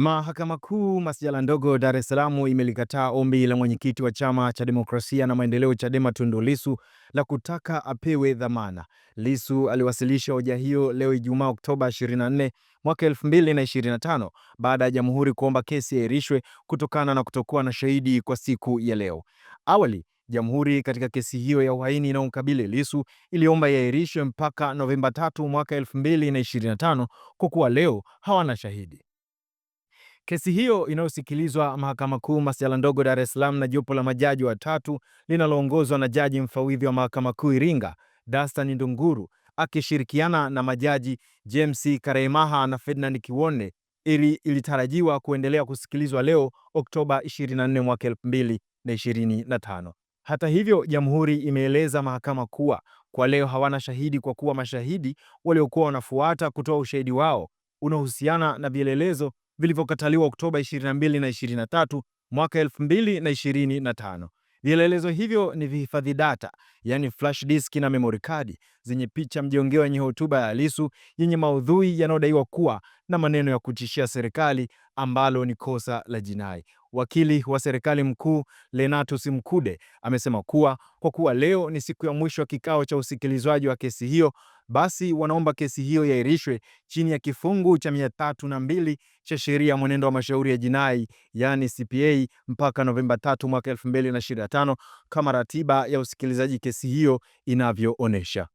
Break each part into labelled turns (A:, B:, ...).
A: Mahakama Kuu Masjala ndogo Dar es Salaam imelikataa ombi la mwenyekiti wa Chama cha Demokrasia na Maendeleo Chadema Tundu Lissu la kutaka apewe dhamana. Lissu aliwasilisha hoja hiyo leo Ijumaa Oktoba 24 mwaka 2025 baada ya Jamhuri kuomba kesi iahirishwe kutokana na kutokuwa na shahidi kwa siku ya leo. Awali Jamhuri katika kesi hiyo ya uhaini inayomkabili Lissu iliomba iahirishwe mpaka Novemba 3 mwaka 2025 kwa kuwa leo hawana shahidi. Kesi hiyo inayosikilizwa Mahakama Kuu Masjala Ndogo Dar es Salaam na jopo la majaji watatu linaloongozwa na jaji mfawidhi wa Mahakama Kuu Iringa, Dastan Ndunguru akishirikiana na majaji James Karemaha na Ferdinand Kiwone ili ilitarajiwa kuendelea kusikilizwa leo Oktoba 24 mwaka 2025. Hata hivyo, Jamhuri imeeleza mahakama kuwa kwa leo hawana shahidi kwa kuwa mashahidi waliokuwa wanafuata kutoa ushahidi wao unaohusiana na vielelezo vilivyokataliwa Oktoba 22 na 23 mwaka 2025. Vielelezo hivyo ni vihifadhi data, yani flash disk na memory card zenye picha mjongeo yenye hotuba ya Lissu yenye maudhui yanayodaiwa kuwa na maneno ya kutishia serikali ambalo ni kosa la jinai. Wakili wa serikali mkuu Lenatus Mkude amesema kuwa kwa kuwa leo ni siku ya mwisho ya kikao cha usikilizwaji wa kesi hiyo basi wanaomba kesi hiyo iahirishwe chini ya kifungu cha mia tatu na mbili cha sheria ya mwenendo wa mashauri ya jinai yani CPA mpaka Novemba 3 mwaka 2025 kama ratiba ya usikilizaji kesi hiyo inavyoonyesha.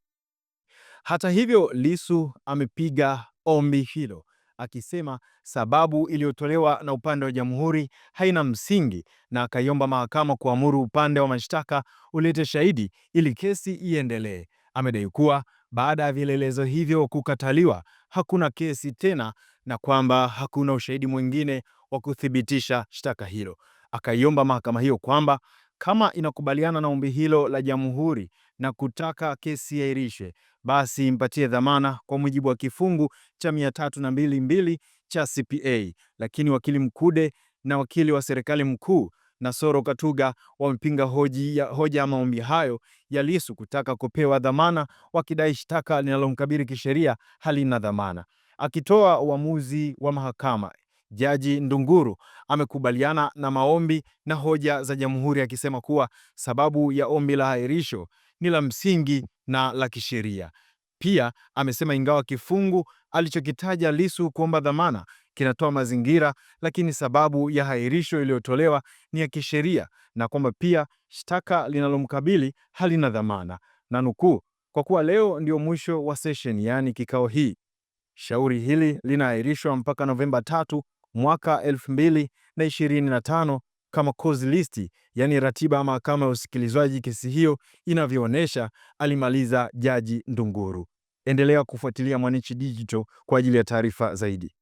A: Hata hivyo, Lissu amepiga ombi hilo akisema sababu iliyotolewa na upande wa jamhuri haina msingi na akaiomba mahakama kuamuru upande wa mashtaka ulete shahidi ili kesi iendelee. Amedai kuwa baada ya vielelezo hivyo kukataliwa, hakuna kesi tena na kwamba hakuna ushahidi mwingine wa kuthibitisha shtaka hilo. Akaiomba mahakama hiyo kwamba kama inakubaliana na ombi hilo la jamhuri na kutaka kesi iahirishwe, basi impatie dhamana kwa mujibu wa kifungu cha mia tatu na mbili mbili cha CPA. Lakini wakili Mkude na wakili wa serikali mkuu Nasoro Katuga wamepinga hoja, hoja maombi hayo ya Lissu kutaka kupewa dhamana, wakidai shtaka linalomkabili kisheria halina dhamana. Akitoa uamuzi wa mahakama, Jaji Ndunguru amekubaliana na maombi na hoja za Jamhuri akisema kuwa sababu ya ombi la hairisho ni la msingi na la kisheria. Pia amesema ingawa kifungu alichokitaja Lissu kuomba dhamana kinatoa mazingira, lakini sababu ya hairisho iliyotolewa ni ya kisheria na kwamba pia shtaka linalomkabili halina dhamana, na nukuu, kwa kuwa leo ndio mwisho wa session, yaani kikao hii, shauri hili linaahirishwa mpaka Novemba 3 mwaka 2025 kama cause list, yaani ratiba ya mahakama ya usikilizwaji kesi hiyo inavyoonyesha, alimaliza Jaji Ndunguru. Endelea kufuatilia Mwananchi Digital kwa ajili ya taarifa zaidi.